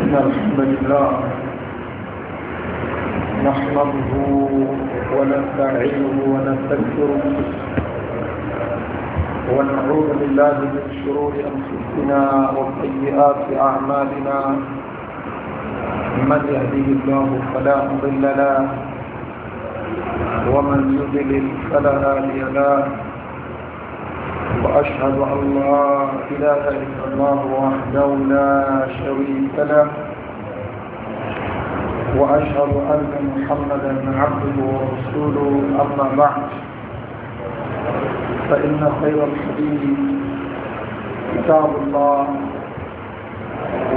إن الحمد لله نحمده ونستعينه ونستكثره ونعوذ بالله من شرور أنفسنا وسيئات أعمالنا من يهديه الله فلا مضل له ومن يضلل فلا هادي له وأشهد أن لا إله إلا الله وحده لا شريك له وأشهد أن محمدا عبده ورسوله أما بعد فإن خير الحديث كتاب الله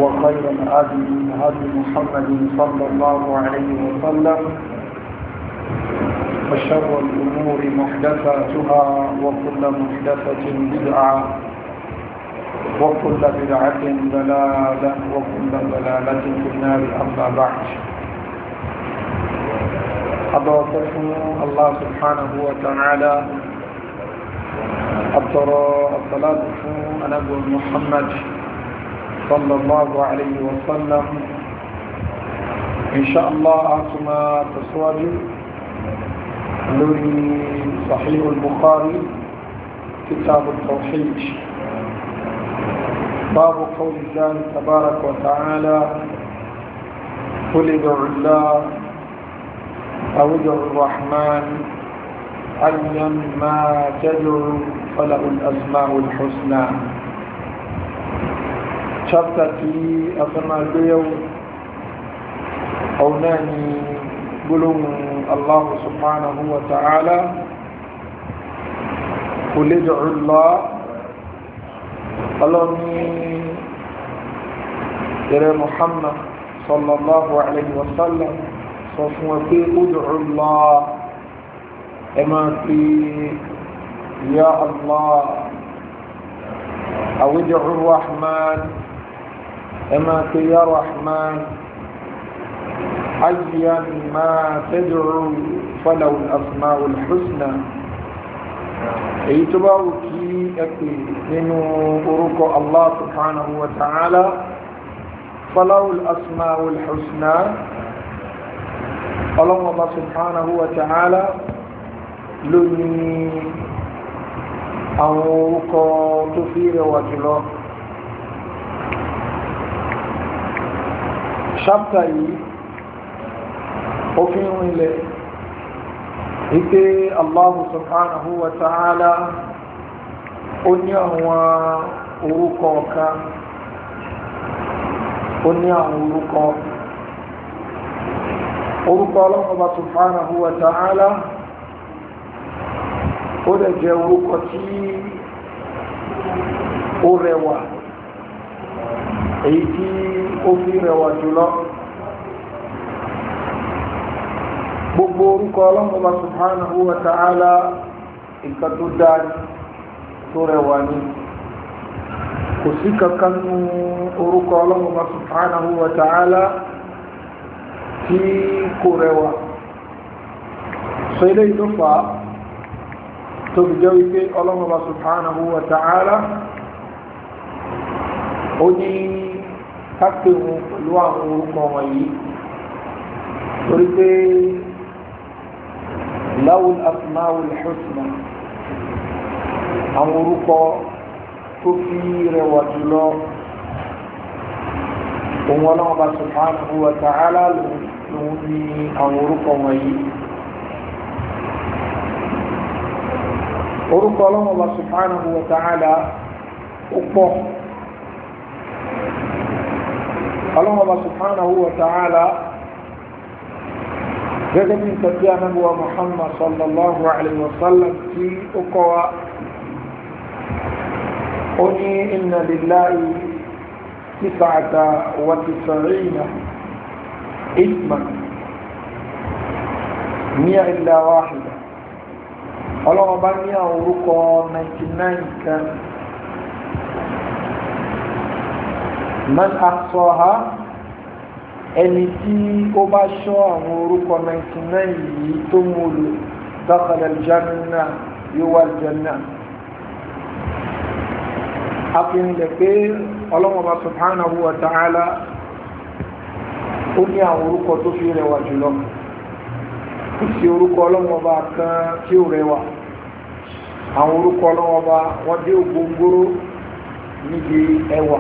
وخير الأدب هدي محمد صلى الله عليه وسلم وشر الأمور محدثاتها وكل محدثة بدعة وكل بدعة ضلالة وكل ضلالة في النار أما بعد أضافته الله سبحانه وتعالى أترى الصلاة أنا أبو محمد صلى الله عليه وسلم إن شاء الله أعطنا تسواجه لوني صحيح البخاري كتاب التوحيد باب قول الله تبارك وتعالى قل ادعوا الله او ادعوا الرحمن ايا ما تدعو فله الاسماء الحسنى شفتي اسماء اليوم او ناني gbólóhùn Allah subhanahu wa ta'ala kò lè jọ̀rọ̀lá ọlọ́ni ẹ̀rẹ́ Muhammad sallallahu alayhi wa sallam sọ fún wa pé ó jọ̀rọ̀lá ẹ máa fi ya Allah àwùjọ Rahman ẹ máa fi ya Rahman حيا ما تدعو فله الأسماء الحسنى èyí tó bá wù kí ẹ pè nínú orúkọ allah subhanahu wa ta'ala falawul asmaul husna ọlọ́mọba subhanahu wa ta'ala ló ní àwọn orúkọ tó fi rẹwà jùlọ ṣáptà yìí òfin ilẹ̀ wípé Allahu subhanahu wa ta'ala onye ní àwọn orúkọ onye ó ní orukọ. orúkọ orúkọ ọlọ́mọba subhanahu wa ta'ala ó dẹ̀ jẹ́ orúkọ tí ó rẹwà èyí fi gbogbo orúkọ ọlọ́run ọba subhanahu wa ta'ala nǹkan tó dáa tó rẹwà ni kò sí kankan nu orúkọ ọlọ́run ọba subhanahu wa ta'ala tí kò rẹwà sọ ilé ìdọ́fà tó fi jẹ́ wípé ọlọ́run ọba subhanahu wa ta'ala ó ní kápẹ́ wọn pẹ̀lú láwùl asmáwùl husna àwọn orúkọ tó fi rẹwà jùlọ òun ọlọ́wọ́ bá subhanahu wa ta'ala lòun ní àwọn orúkọ wọ̀nyí orúkọ ọlọ́wọ́ bá subhanahu wa ta'ala ó bá subhanahu wa gẹ́gẹ́ bí nǹkan tí anábíwá muhammad sallallahu alayhi wa sallam tí ó kọ́ wa ó ní inna lillahi tis'ata wa tis'ina isman ní illa wahida ọlọ́wọ́ bá ní àwọn 99 kan man ahsaha ẹni tí ó bá ṣọ́ àwọn orúkọ 99 yìí tó múlò dákàlẹ̀ jẹ́nà yóò wà jẹ́nà a fi ń lẹ̀ pé ọlọ́mọba subhanahu wa ta'ala ó ní àwọn orúkọ tó fi rẹwà jùlọ kò sí orúkọ ọlọ́mọba kan tí ó rẹwà àwọn orúkọ ọlọ́mọba wọ́n dé ògbóngbóró níbi ẹwà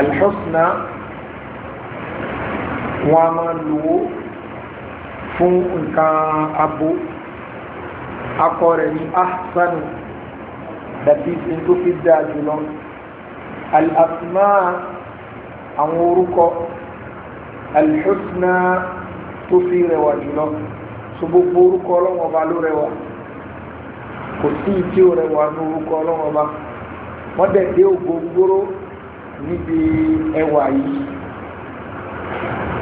alhusna wọ́n a máa lò ó fún nǹkan abo akọ rẹ̀ ní sanu dàbí ìsìn fi dáa jùlọ al àwọn tó fi rẹwà jùlọ so gbogbo orúkọ ọlọ́wọ́n ọba ló rẹwà kò sí ìdí ò rẹwà ní orúkọ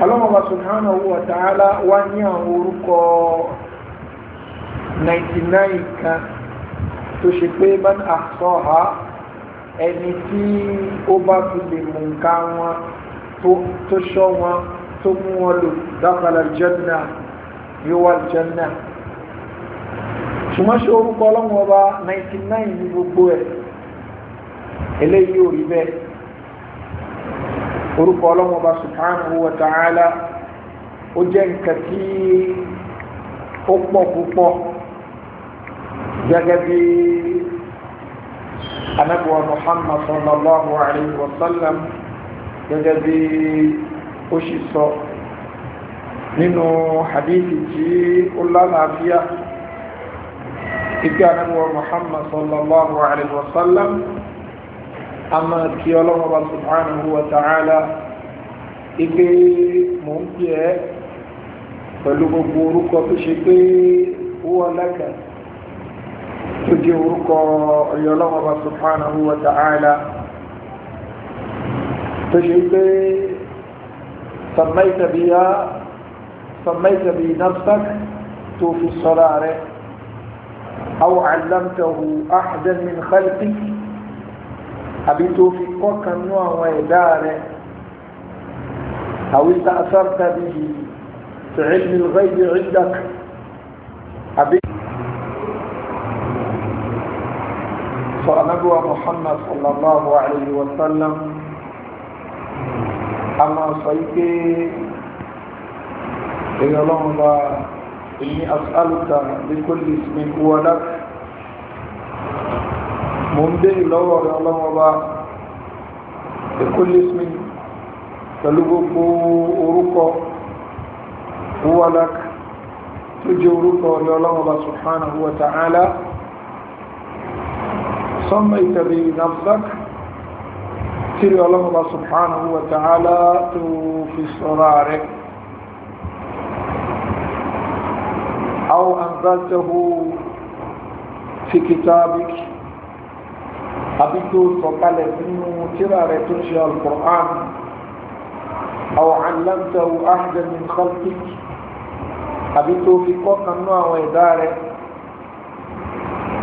ọlọ́mọba subhanahu wa ta'ala wá ní àwọn orúkọ 99 kan tó ṣe pé man ahsaha ẹni tí ó bá fi lè mú nǹkan wọn tó ṣọ́ wọn tó mú wọn lò dakhala aljanna yóò wà ṣùgbọ́n ṣe orúkọ ọlọ́mọba 99 ní gbogbo ẹ̀ eléyìí ò bẹ́ẹ̀ orúkọ ọlọ́wọ́n bá subhanahu wa ta'ala ó jẹ́ nǹkan tí ó pọ̀ púpọ̀ gẹ́gẹ́ bí anabuwa muhammad sallallahu alayhi wa sallam gẹ́gẹ́ bí ó ṣe sọ nínú hadithi tí ó lálàáfíà ìgbé anabuwa muhammad sallallahu alayhi wa sallam ama kí ọlọ́run ọba subhanahu wa ta'ala ipe mò ń pè ẹ́ pẹ̀lú gbogbo orúkọ tó ṣe pé wọ́n lẹ́kẹ̀ẹ́ tó di orúkọ ọ̀yọ́ ọlọ́run ọba subhanahu wa ta'ala tó ṣe pé sàmẹ́tẹ̀ bí nafsak tó fi sọ́ra rẹ̀ أو علمته أحدا من خلقك àbí tó fi kọ́kan nú àwọn ẹ̀dá rẹ̀ àwọn ìta asárta bí i tẹ̀rẹ́ ní lọ́gbẹ́gbẹ́ rídàk àbí sọ anábíwá muhammad sallallahu alayhi wa sallam a máa sọ ike èèyàn lọ́wọ́ bá إني أسألك بكل اسم هو لك mò ń bèrè lọ́wọ́ rẹ ọlọ́wọ́ bá èkó lẹ́sìn pẹ̀lú gbogbo orúkọ wọ́lák tó jẹ́ orúkọ rẹ ọlọ́wọ́ bá subhanahu wa ta'ala sọ́mọ̀ ìtàbí nafsak tí rẹ ọlọ́wọ́ bá subhanahu wa tó fi sọ́ra rẹ̀ أو أنزلته في كتابك àbí tó sọ̀kalẹ̀ nínú tíra rẹ̀ tó ń ṣe alukur'an aw allamtahu ahadan min khalqik àbí tó fi kọ́ kan nú àwọn ẹ̀dá rẹ̀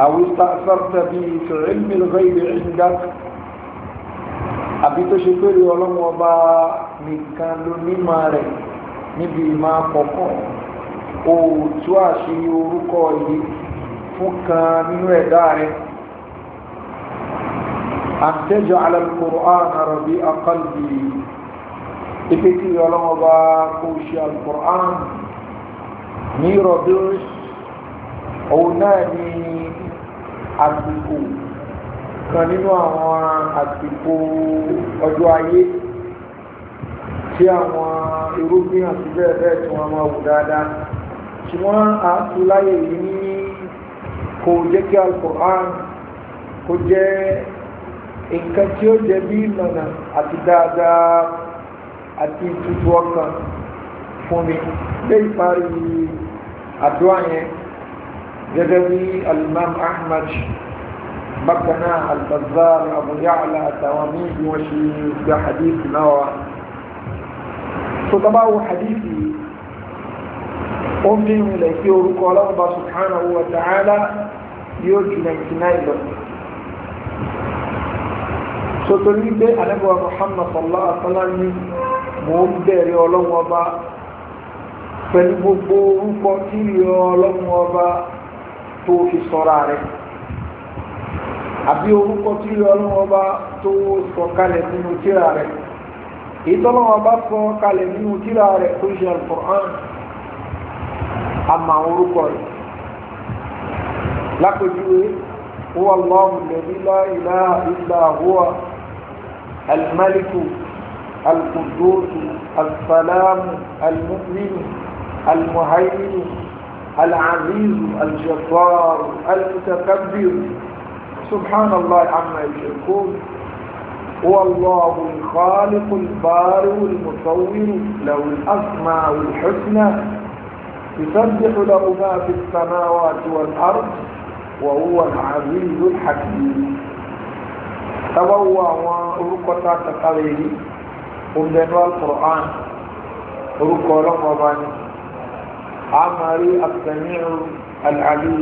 aw ista'tharta bihi fi ilmi al-ghaybi 'indak àbí tó ṣe pé rí ọlọ́wọ́ bá nìkan ló nímọ̀ rẹ̀ níbi ìmọ̀ àkọ́kọ́ òòtú àṣírí yìí fún kan nínú ẹ̀dá rẹ̀ أن تجعل القرآن ربيع قلبي إبتي يولم باكوشي القرآن ní rọdún òun náà ní àsìkò kan nínú àwọn àsìkò ọjọ́ ayé tí àwọn irúgbìn àti bẹ́ẹ̀ bẹ́ẹ̀ tí wọ́n máa wù dáadáa tí wọ́n á tú láyè yìí ní kò jẹ́ kí Al-Qur'an kò jẹ́ nǹkan tí ó jẹ bí ìmọ̀nà àti dáadáa àti ìtutù ọkàn fún mi lé ìparí àdúrà yẹn gẹ́gẹ́ bí alimam ahmad bákan náà albazar abu ya'la àtàwọn míì bí wọ́n ṣe gba hadith náà wá tó tọ́ bá wo hadith ó ń fi ìrìnlẹ̀ sí orúkọ ọlọ́run bá subhanahu wa ta'ala yóò ju 99 lọ sotori gbé anabiwa muhammad sallallahu alaihi wa sallam ni mò ń bẹ̀rẹ̀ ọlọ́run ọba pẹ̀lú gbogbo orúkọ tí ìrọ̀ ọlọ́run ọba tó fi sọ́ra rẹ̀ àbí orúkọ tí ìrọ̀ ọlọ́run ọba tó sọ kalẹ̀ nínú tírà rẹ̀ èyí tọ́lọ́run ọba sọ kalẹ̀ nínú tírà rẹ̀ tó ṣe alukur'an àmà orúkọ rẹ̀ lápèjúwe huwa allahu alladhi la ilaha illa الملك القدوس السلام المؤمن المهيمن العزيز الجبار المتكبر سبحان الله عما يشركون هو الله الخالق البارئ المصور له الأسماء الحسنى يسبح له ما في السماوات والأرض وهو العزيز الحكيم tábà wo àwọn orúkọ tá a kàkàlẹ̀ yìí ombẹnu alukur'an orúkọ ọlọ́mọba ni amari asamiru alali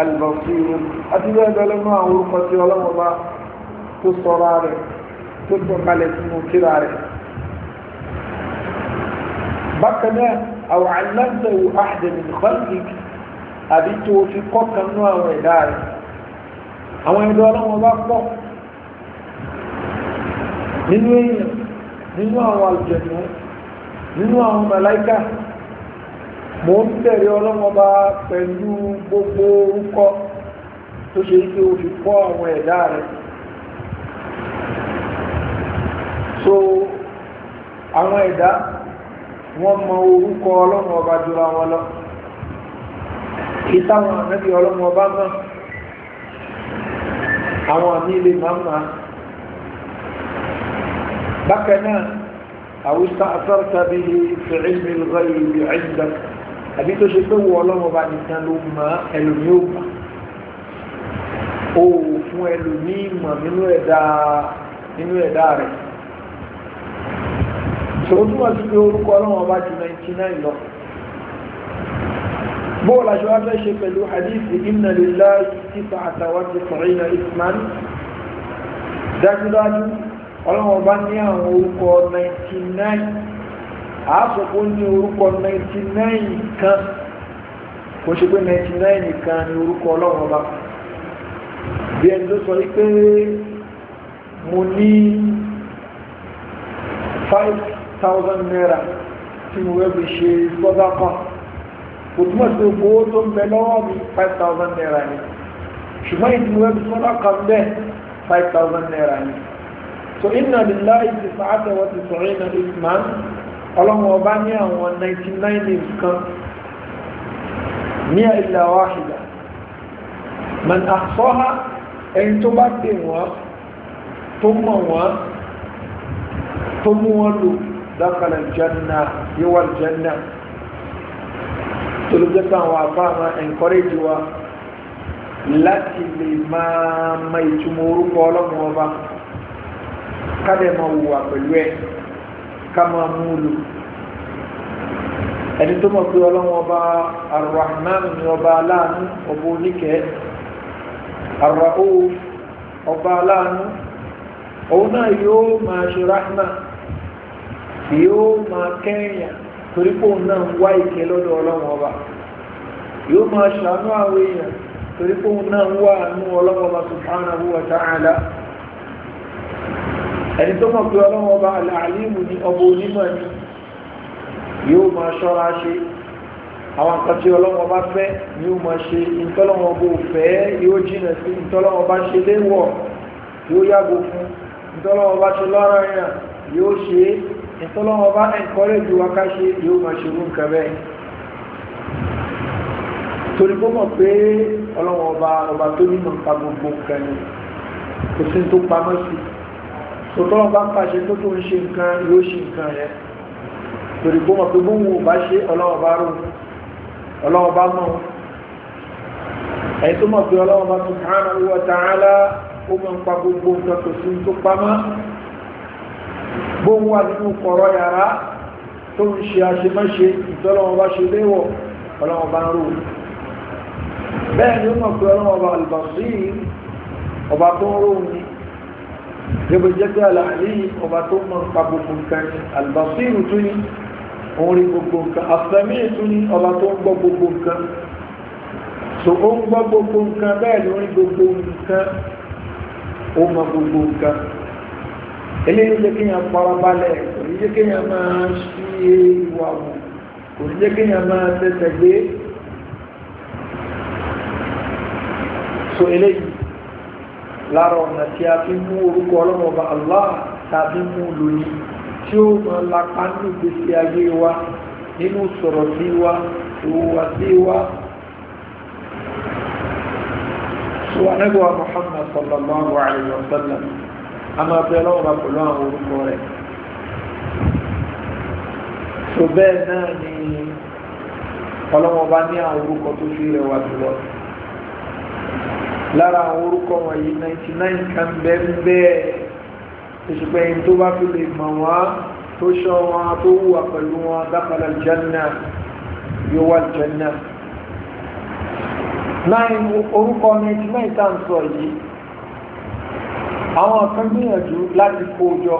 alibasiru àti bẹ́ẹ̀ bẹ́ẹ̀ lọ́nà àwọn orúkọ tí ọlọ́mọba tó sọ̀rọ̀ rẹ̀ tó gbọ̀kalẹ̀ sínú kíra rẹ̀ bákan náà àwọn aláǹtẹ̀wò àdèmí baltic àbí tó fi kọ́ kan nú àwọn ẹ̀dá rẹ̀ àwọn ẹ̀dá ọlọ́mọba pọ̀. Ninu eyan ninu awon àlùjẹ̀nú ninu awon malaika mo ń tẹ̀lé ọlọ́mọba pẹ̀lú gbogbo orúkọ tó ṣe ike o fi kọ́ àwọn ẹ̀dá rẹ̀ so àwọn ẹ̀dá wọ́n mọ orúkọ ọlọ́mọba jùlọ àwọn lọ ìtàwọn ànábì ọlọ́mọba náà àwọn àmì ilé máa ń máa bákan náà àwọn ìsàtàrta bí i fi ilmi lọ́yìn ibi ẹ̀dá àbí tó ṣe pé wọ ọlọ́run bá nìkan ló mọ ẹlòmí ò mọ o fún ẹlòmí mọ nínú ẹ̀dá nínú ẹ̀dá rẹ̀ tòun túmọ̀ sí pé orúkọ ọlọ́run bá ju 99 lọ bóò la ṣe wá fẹ́ ṣe pẹ̀lú hadithi inna lillahi títà àtàwọn ti sọ̀rọ̀ ìnà isman dájúdájú ọlọ́wọ́n bá ní àwọn orúkọ 99 àásọ̀kó ní orúkọ 99 kan kò ṣe pé 99 kan ní orúkọ ọlọ́wọ́n bá bí ẹni tó sọ wípé mo ní 5000 naira tí mo wẹ́bi ṣe sọ́dá kan kò túmọ̀ sí owó tó ń bẹ lọ́wọ́ mi 5000 naira ni ṣùgbọ́n ìdí mo wẹ́bi sọ́dá kan bẹ́ẹ̀ 5000 naira ni so inna lillahi tis'ata wa tis'ina isman ọlọ́run ọba ní àwọn 99 names kan ní illa wahida man ahsaha ẹni tó bá dé wọn tó mọ̀ wọn tó mú wọn lò dakhala aljanna yíwá aljanna tó ló jẹ́ pé àwọn encourage wa láti lè máa ma ìtumọ̀ orúkọ ọlọ́run ọba kádẹ̀ máa wùwà pẹ̀lú ẹ̀ ká máa mú un lò ẹni tó mọ̀ pé ọlọ́run ọba arahman ni ọba aláàánú ọba oníkẹ́ arahu ọba aláàánú òun náà yóò máa ṣe rahma yóò máa kẹ́yìn torí pé òun náà ń wá ìkẹ́ lọ́dọ̀ ọlọ́run ọba yóò máa ṣàánú àwọn èèyàn torí pé òun náà ń wá àánú ọlọ́run ọba subhanahu wa ta'ala ẹni tó mọ̀ pé ọlọ́wọ́ bá aláàlímù ní ọmọ onímọ̀ ni yóò máa ṣọ́ra ṣe àwọn nǹkan tí ọlọ́wọ́ bá fẹ́ ni yóò máa ṣe ìtọ́lọ́wọ́ bó fẹ́ yóò jìnà sí ìtọ́lọ́wọ́ bá ṣe léwọ̀ yóò yàgò fún ìtọ́lọ́wọ́ bá ṣe lọ́rọ̀ yàn yóò ṣe ìtọ́lọ́wọ́ bá ẹ̀kọ́rẹ́jù wákàṣe yóò máa ṣe rú nǹkan bẹ́ẹ̀ torí kó mọ̀ pé ọlọ́wọ́ ọba ọba tó nímọ̀ sọ̀tọ́ bá pàṣẹ tó tó ń ṣe nǹkan yóò ṣe nǹkan rẹ̀ torí gbọ́mọ̀ pé gbóhùn bá ṣe ọlọ́ọ̀bá rò ọlọ́ọ̀bá mọ́ ẹ̀yìn tó mọ̀ pé ọlọ́ọ̀bá subhanahu wa ta'ala ó mọ̀ ń pa gbogbo nǹkan tó sí tó pamọ́ gbóhùn wà nínú kọ̀rọ̀ yàrá tó ń ṣe àṣemáṣe ìtọ́lọ́ọ̀bá ṣe léwọ̀ ọlọ́ọ̀bá ń rò bẹ́ẹ̀ ni ó mọ̀ pé ọlọ́ọ̀bá albasir ọba tó ń rò ní níbo jẹ́ pé àlàyé ọba tó mọ̀ nípa gbogbo nǹkan ni àlùbáṣírù tún ní òun rí gbogbo nǹkan àfẹ́mí tún ní ọba tó ń gbọ́ gbogbo nǹkan so ó ń gbọ́ gbogbo nǹkan bẹ́ẹ̀ ló ń gbogbo nǹkan ó mọ̀ gbogbo nǹkan eléyìí jẹ́ kí yẹn farabalẹ̀ kò ní jẹ́ kí yẹn máa ṣí ìwà wò kò ní jẹ́ kí yẹn máa tẹ̀sẹ̀ gbé so eléyìí lára ọ̀nà tí a fi mú orúkọ ọlọ́mọba allah tàbí mú lónìí tí ó mọ lápá ní ìgbésí ayé wa nínú sọ̀rọ̀ sí wa ìwà sí wa sọ muhammad sallallahu alayhi wa sallam a máa bẹ ọlọ́mọba pẹ̀lú àwọn orúkọ rẹ̀ sọ náà ni ọlọ́mọba ní àwọn orúkọ tó fi rẹwà jùlọ lára àwọn orúkọ wọ̀nyí 99 kan bẹ́ẹ̀ ìṣùgbọ́n yìí tó bá fi lè mọ̀ wọ́n tó ṣọ́ wọn tó wùwà pẹ̀lú wọn dákàlà jẹ́nà yóò wà jẹ́nà láàrin orúkọ 99 tá à ń sọ yìí àwọn kan gbìyànjú láti kó jọ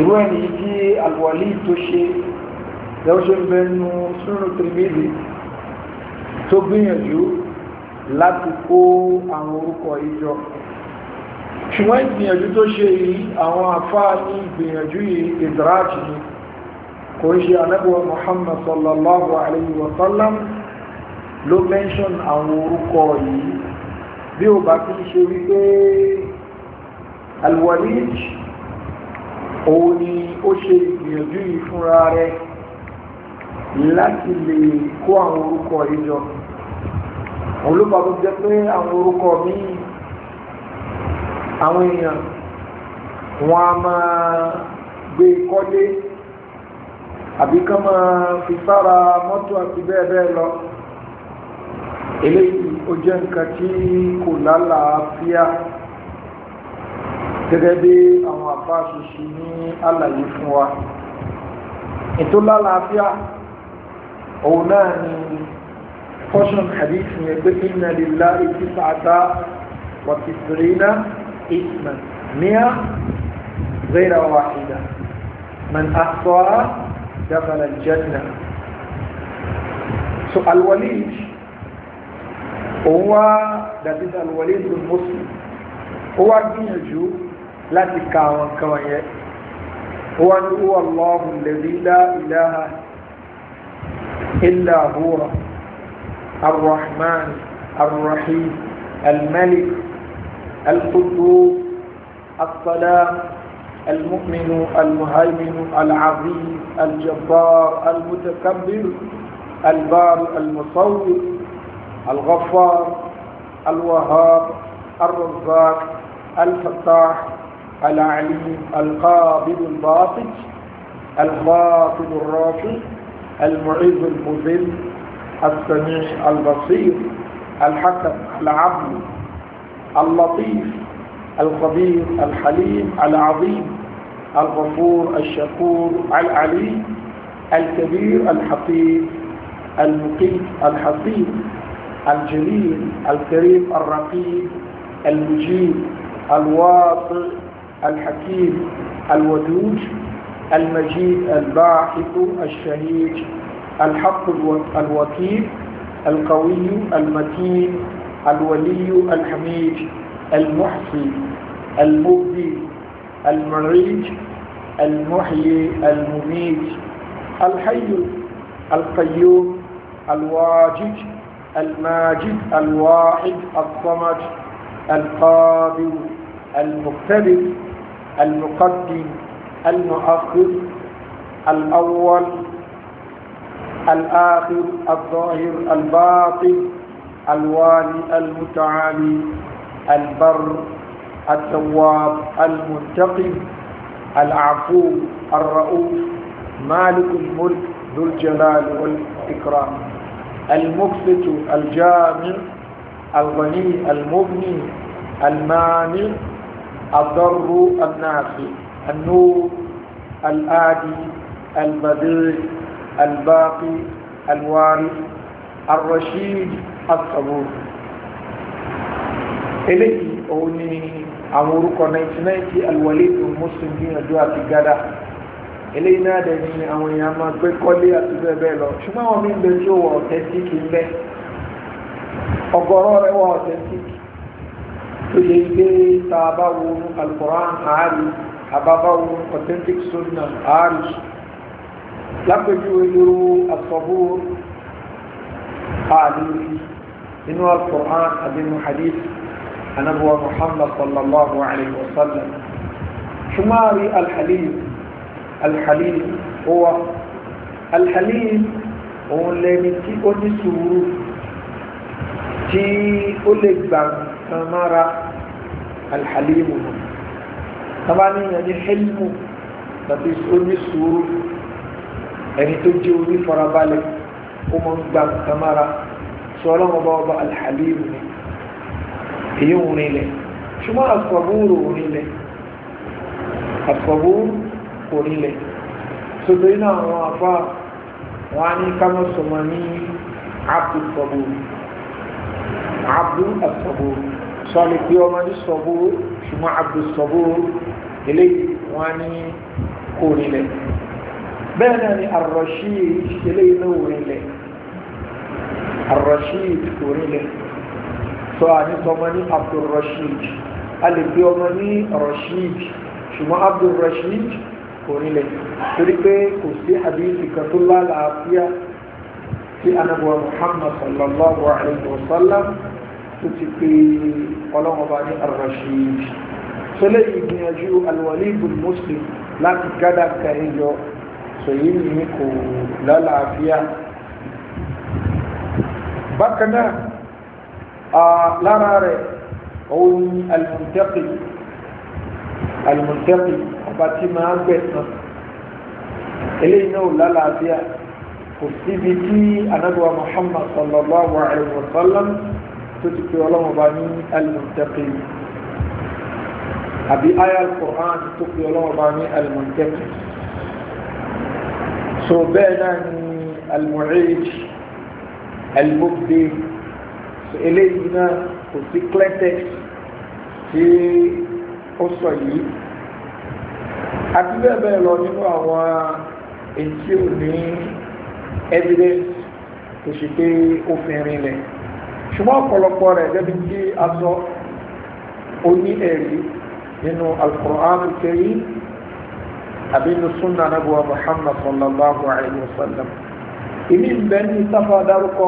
irú ẹni tí àlùwàlì tó ṣe lọ́wọ́ ṣe ń bẹnu tó gbìyànjú láti kó àwọn orúkọ ìjọ ṣùgbọ́n ìgbìyànjú tó ṣe yìí àwọn àfáà ní ìgbìyànjú yìí ìdíráàjì ni kò ń ṣe anábíwá Muhammad sallallahu alayhi wa sallam ló mention àwọn orúkọ yìí bí ó bá kí ṣe wípé alwalid òun ni ó ṣe ìgbìyànjú yìí fúnra rẹ̀ láti lè kó àwọn orúkọ ìjọ òun ló pàtó jẹ́ pé àwọn orúkọ míì àwọn èèyàn wọn a máa gbé kọ́lé àbí kán máa fi sára mọ́tò àti bẹ́ẹ̀ bẹ́ẹ̀ lọ eléyìí ó jẹ́ nǹkan tí kò lálàáfíà gẹ́gẹ́ bí àwọn àbá ṣoṣo ní àlàyé fún wa ètò lálàáfíà òun náà ni خوشن حديث ان لله تسعة وتسعين اسما مئة غير واحدة من أحصى دخل الجنة سؤال الوليد هو دبيد الوليد المسلم هو من بينجو لا تكاون كمان هو هو الله الذي لا إله إلا هو الرحمن الرحيم الملك القدوس السلام المؤمن المهيمن العظيم الجبار المتكبر البار المصور الغفار الوهاب الرزاق الفتاح العليم القابض الباطج الباطل الرافض المعز المذل السميع البصير الحكم العدل اللطيف الخبير الحليم العظيم الغفور الشكور العليم الكبير الحفيظ المقيت الحفيظ الجليل الكريم الرقيب المجيب الواطئ الحكيم الودود المجيد الباحث الشهيد الحق الوكيل القوي المتين الولي الحميد المحصي المبدي المريج المحيي المميت الحي القيوم الواجد الماجد الواحد الصمد القادر المقتدر المقدم المؤخر الأول الآخر الظاهر الباطن الوالي المتعالي البر التواب المنتقم العفو الرؤوف مالك الملك ذو الجلال والإكرام المقسط الجامع الغني المغني المانع الضر النافع النور الآدي البديع الباقي الوارث الرشيد الصبور eléyìí òun ni àwọn orúkọ 99 tí alwalid muslim gbìyànjú àti gada eléyìí náà dẹ̀ ni àwọn èèyàn máa gbé kọ́lé àti bẹ́ẹ̀ bẹ́ẹ̀ lọ ṣùgbọ́n àwọn míì bẹ tí ó wọ ọ̀tẹ́tíkì ń bẹ ọ̀gọ̀rọ̀ rẹ̀ wọ ọ̀tẹ́tíkì tó yẹ gbé tá a bá wo alukoran àárí àbábá wo authentic sunnah àárí lápẹjúwe irú àsọ̀bùr àlùfí inú al-Qur'an àbínú hadith anábùwà muhammad sallallahu alayhi wa sallam ṣùgbọ́n alhalim alhalim ó wà alhalim òun lẹni tí ó ní sùúrù tí ó lè gbà kan mára alhalimu náà tábà níyàn ní helmu tàbí ó ní sùúrù ẹni tó jẹ́ onífarabalẹ̀ ó mọ́ ń gba tamara sọ ọlọ́run bá ọba alhalimu ni èyí ń rinlẹ̀ ṣùgbọ́n àfọ̀búrò rinlẹ̀ àfọ̀búrò kò rinlẹ̀ sọdọ̀ iná àwọn afá wọn á ní kámọ́ sọmọ ní abdul sọ̀búrò abdul sọ̀búrò sọlẹ̀ pé ọmọ ní sọ̀búrò ṣùgbọ́n abdul sọ̀búrò eléyìí wọn á ní kò rinlẹ̀ bẹ́ẹ̀ náà ni ar-Rashid ìṣẹ̀lẹ̀ iná òrìlẹ̀ ar-Rashid òrìlẹ̀ sọ àníṣọmọ ní Abdul-Rashid a lè gbé ọmọ ní Rashid ṣùgbọ́n Abdul-Rashid òrìlẹ̀ torí pé kò sí àdéhìí kan tó lálàáfíà tí anabuwa Muhammad sallallahu alayhi wa sallam tó ti pé ọlọ́mọba ní ar sọlẹ́ ìgbìyànjú al muslim láti gádà kàríyọ sòyí ní kò lálàáfíà bákan náà a lára rẹ̀ òun ni alimọ̀tẹ́kì alimọ̀tẹ́kì ọba tí máa gbẹ̀sán eléyìí náà lálàáfíà kò síbi tí anábíwá muhammad sallallahu alayhi wa sallam tó ti pè ọlọ́run ní alimọ̀tẹ́kì àbí ayal quran tó pè ọlọ́run ní alimọ̀tẹ́kì so bẹ́ẹ̀ المبدي ni almurid almubdi so eléyìí náà kò sí clentex tí ó sọ yìí àti bẹ́ẹ̀ bẹ́ẹ̀ lọ nínú àwọn etí ò ní evidence tó ṣe pé ó fi rinlẹ̀ ṣùgbọ́n ọ̀pọ̀lọpọ̀ rẹ̀ gẹ́gẹ́ bí a sọ ó ẹ̀rí nínú Al-Qur'an al àbínú súnà nàbùwà Muhammad sallallahu alayhi wa sallam ìmí ń bẹ ní sáfà dárúkọ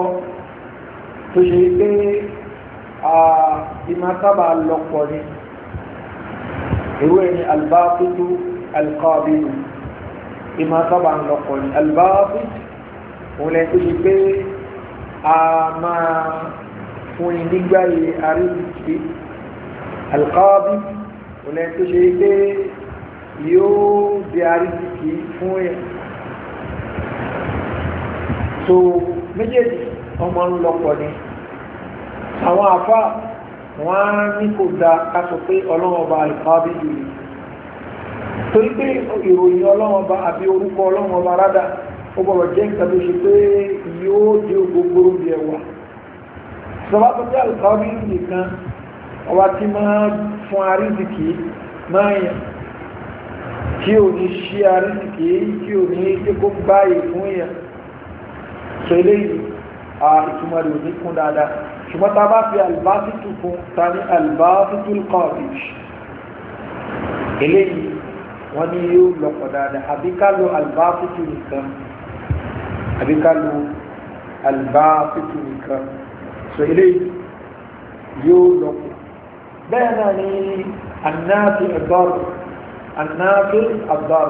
tó ṣe pé ìmọ̀ sábà lọ́pọ̀ ni ìwé ni albáfitú alqabilu ìmọ̀ sábà lọ́pọ̀ ni albáfitú òun lẹ́yìn tó a máa fún ni nígbà yìí arídìtì alqabilu òun lẹ́yìn tó ṣe yóò di àríkìkì fún ẹ̀ so méjèèjì ọmọ ń lọ́pọ̀ ni àwọn àfá wọ́n á ní kò da ká sọ pé ọlọ́mọba alùpàbí yìí torí pé ìròyìn ọlọ́mọba àbí orúkọ ọlọ́mọba rádà ó bọ̀rọ̀ jẹ́ nǹkan tó ṣe pé yóò di gbogbo bí ẹwà ìjọba tó jẹ́ alùpàbí nìkan ọba tí máa fún àríkìkì máa yàn tí ò ní ṣí àríṣìkì èyí tí ò ní tí kó báyìí fún èèyàn sọ eléyìí a ìtumọ̀ rẹ̀ ò ní kún dáadáa ṣùgbọ́n ta bá fi albáfítù fún ta ní albáfítù kọ́ọ̀dìṣ eléyìí wọ́n ní yóò lọ́pọ̀ dáadáa àbí ká lo nìkan àbí ká lo albáfítù nìkan sọ eléyìí yóò lọ́pọ̀ bẹ́ẹ̀ náà ni anáàtì ẹ̀dọ́rọ̀ anáfi àbáwò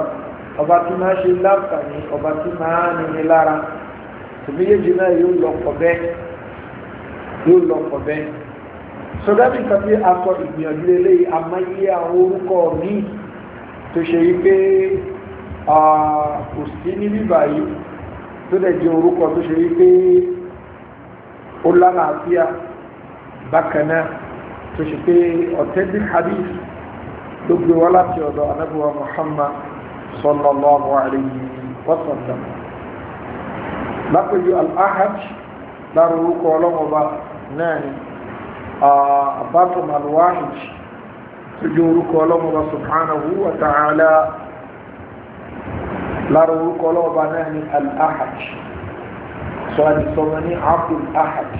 ọba tí máa ṣe láǹfààní ọba tí máa nini lára tòmíyèjì náà yóò lọ pọ̀ bẹ́ẹ̀ yóò lọ pọ̀ bẹ́ẹ̀ sọdábì kàbí akọ ìgbìyànjú eléyìí amáyé àwọn orúkọ míì tó ṣe yí pé kò sí ní bíbà tó dẹ̀ jẹ́ orúkọ tó ṣe yí pé ó lálàáfíà bákan náà tó ṣe pé authentic hadith tó gbé wá láti ọ̀dọ̀ anábíwá muhammad sallallahu alayhi wa sallam lápẹ̀lú al-ahad lára orúkọ ọlọ́mọba náà ni abatum al-wahid tó jẹ́ orúkọ ọlọ́mọba subhanahu wa ta'ala lára orúkọ ọlọ́mọba náà ni al-ahad sọ àdìsọmọ ní abdul ahad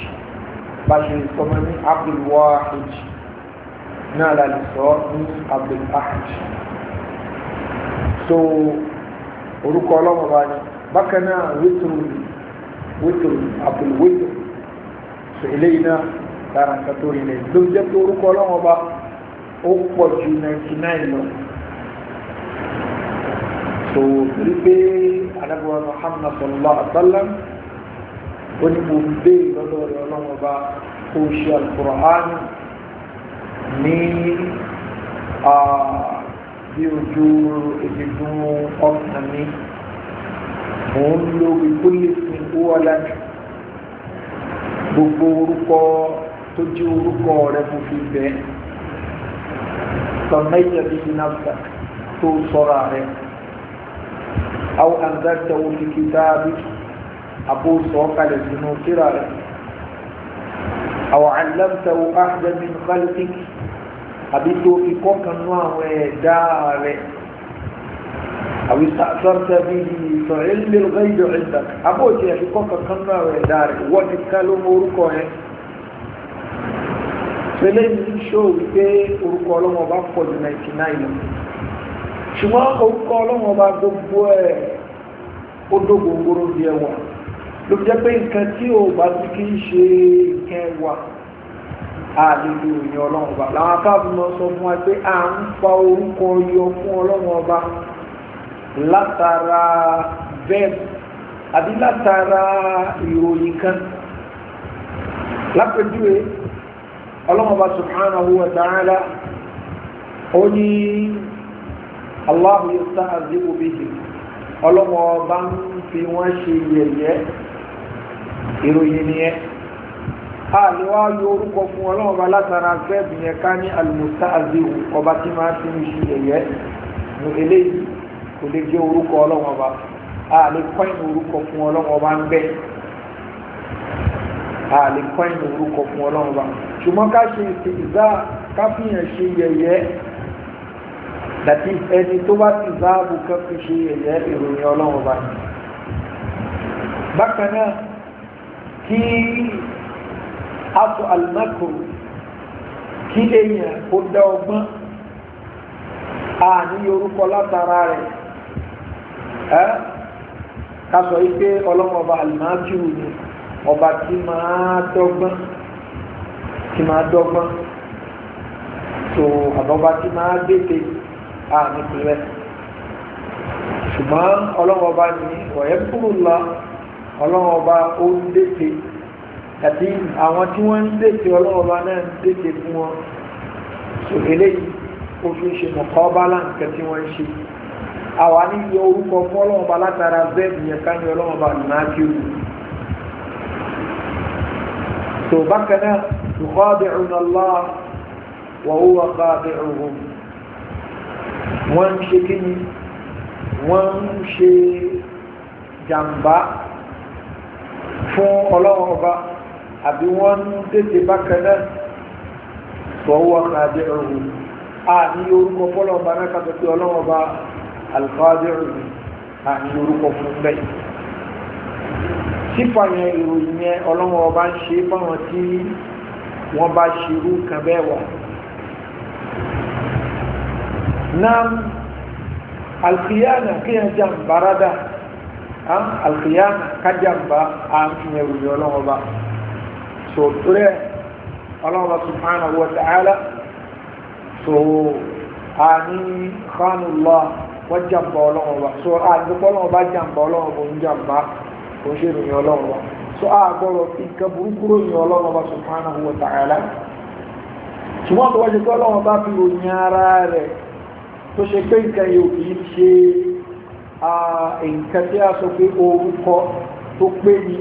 bá ṣe sọmọ ní abdul wahid náà la lè sọ ní Abdul Ahad so orúkọ ọlọ́wọ́ bá ní bákan náà wítìrù wítìrù Abdul wítìrù so eléyìí náà lára nǹkan tó rí lẹ́yìn ló jẹ́ pé orúkọ ọlọ́wọ́ bá ó pọ̀ ju ninety nine lọ so torí pé adágbọ́n Muhammad sallallahu alaihi ó ní mo ń béèrè lọ́dọ̀ ọlọ́wọ́ bá kó ṣe Al-Qur'an ní bí ojú ìdìbùn ọkàn mi mò ń lo ìkólé fún ìkówọ́lá gbogbo orúkọ tó jẹ́ orúkọ rẹ̀ kò fi bẹ́ẹ̀ sọ̀nẹ́yà bíi nàfà tó sọ̀rọ̀ rẹ̀ àwọn àǹdájà òfin kìtàbí àbó sọ̀kalẹ̀ sínú kíra rẹ̀ àwọn àlàmtàwọ̀ àhàdà min khalqik àbí tó fi kọ́kan nú àwọn ẹ̀dá rẹ̀ àbí sàtọ́tà bí ìsọ̀rẹ́ lè rẹ̀ ìjọ ìdá àbójì àfi kọ́kan kan nú àwọn ẹ̀dá rẹ̀ wọ́n ti ká ló mọ orúkọ yẹn pẹ̀lẹ́ ní ṣó wípé orúkọ ọlọ́wọ́ bá pọ̀ ju 99 lọ ṣùgbọ́n orúkọ ọlọ́wọ́ bá gbogbo ẹ̀ ó dó gbogbo bí ẹwà ló pé nǹkan tí ò bá ti kí ń ṣe nǹkan ẹwà àlejò ìyìn ọlọ́run ọba làwọn akáàbùmọ̀ sọ fún wa pé à ń fa orúkọ yọ fún ọlọ́run ọba látara bẹ́ẹ̀ àbí látara kan lápẹjúwe ọlọ́run ọba subhanahu wa ta'ala ó ní Allahu yastahzi'u bihi ọlọ́run ọba ń fi wọ́n ṣe yẹ̀yẹ́ ìròyìn nìyẹn. a lè wá lo orúkọ fún ọlọ́run ọba látara gbẹ́bù yẹn ká ní àlùmọ́tà àzéwò ọba tí máa fi ń ṣe ẹ̀yẹ́ nu eléyìí kò lè jẹ́ orúkọ ọlọ́run ọba a kọ́ìn orúkọ fún ọlọ́run ọba ń bẹ́ a kọ́ìn orúkọ fún ọlọ́run ọba ṣùgbọ́n ká ṣe ìsìnzá ká ṣe yẹ̀yẹ́ dàtí ẹni tó bá ti záàbù kan fi ṣe yẹ̀yẹ́ ìròyìn ọlọ́run ọba bákan náà kí ato alimakoro kí èèyàn kó dá ọgbọ́n àní orúkọ látara rẹ̀ ẹ́ ká sọ yìí pé ọlọ́mọba alimakoro ni ọba tí máa dọ́gbọ́n tí máa dọ́gbọ́n tó àbọ̀bá tí máa gbèdé àní pẹ̀lẹ́ ṣùgbọ́n ọlọ́mọba ni ọ̀yẹ́ kúrò lọ ọlọ́mọba ó ń dèdè àti àwọn tí wọ́n ń dèkè ọlọ́ọ̀bá náà ń dèkè fún wọn so eléyìí ó fi ṣe mọ̀kọ́ bá láǹkẹ́ tí wọ́n ń ṣe àwa ní iye orúkọ fún ọlọ́ọ̀bá látara bẹ́ẹ̀bù yẹn ká ní ọlọ́ọ̀bá nàákìrù so bákan náà yukhadi'una Allah wa huwa khadi'uhum wọ́n ń ṣe kí ni wọ́n ń ṣe jàǹbá fún ọlọ́ọ̀bá àbí wọ́n ń dèdè bákan náà fọwọ́ àdé ọ̀hún a ní orúkọ fọlọ́ ọba náà kàtó pé ọlọ́wọ́ bá alifáàdé ọ̀hún a ní orúkọ fún bẹ́ẹ̀. sífà yẹn ìròyìn yẹn ọlọ́wọ́ ọba ń ṣe fáwọn tí wọ́n bá ṣerú kan bẹ́ẹ̀ wà. náà alkiyana kéèyàn jàǹbá rádà alkiyana kájàǹbá a ń ọlọ́wọ́ bá so torí ẹ ọlọ́run subhanahu wa ta'ala so a ní khanullah wọ́n jàǹbá ọlọ́run wa so a ní bọ́lọ́run bá jàǹbá ọlọ́run kò ń jàǹbá kò ń ṣe ìròyìn ọlọ́run wa so a gbọ́dọ̀ fi nǹkan burúkú ròyìn ọlọ́run wa subhanahu wa ta'ala ṣùgbọ́n tó wájú pé ọlọ́run bá fi ròyìn ara rẹ̀ tó ṣe pé nǹkan yóò kì í ṣe nǹkan tí a sọ pé orúkọ tó pé ni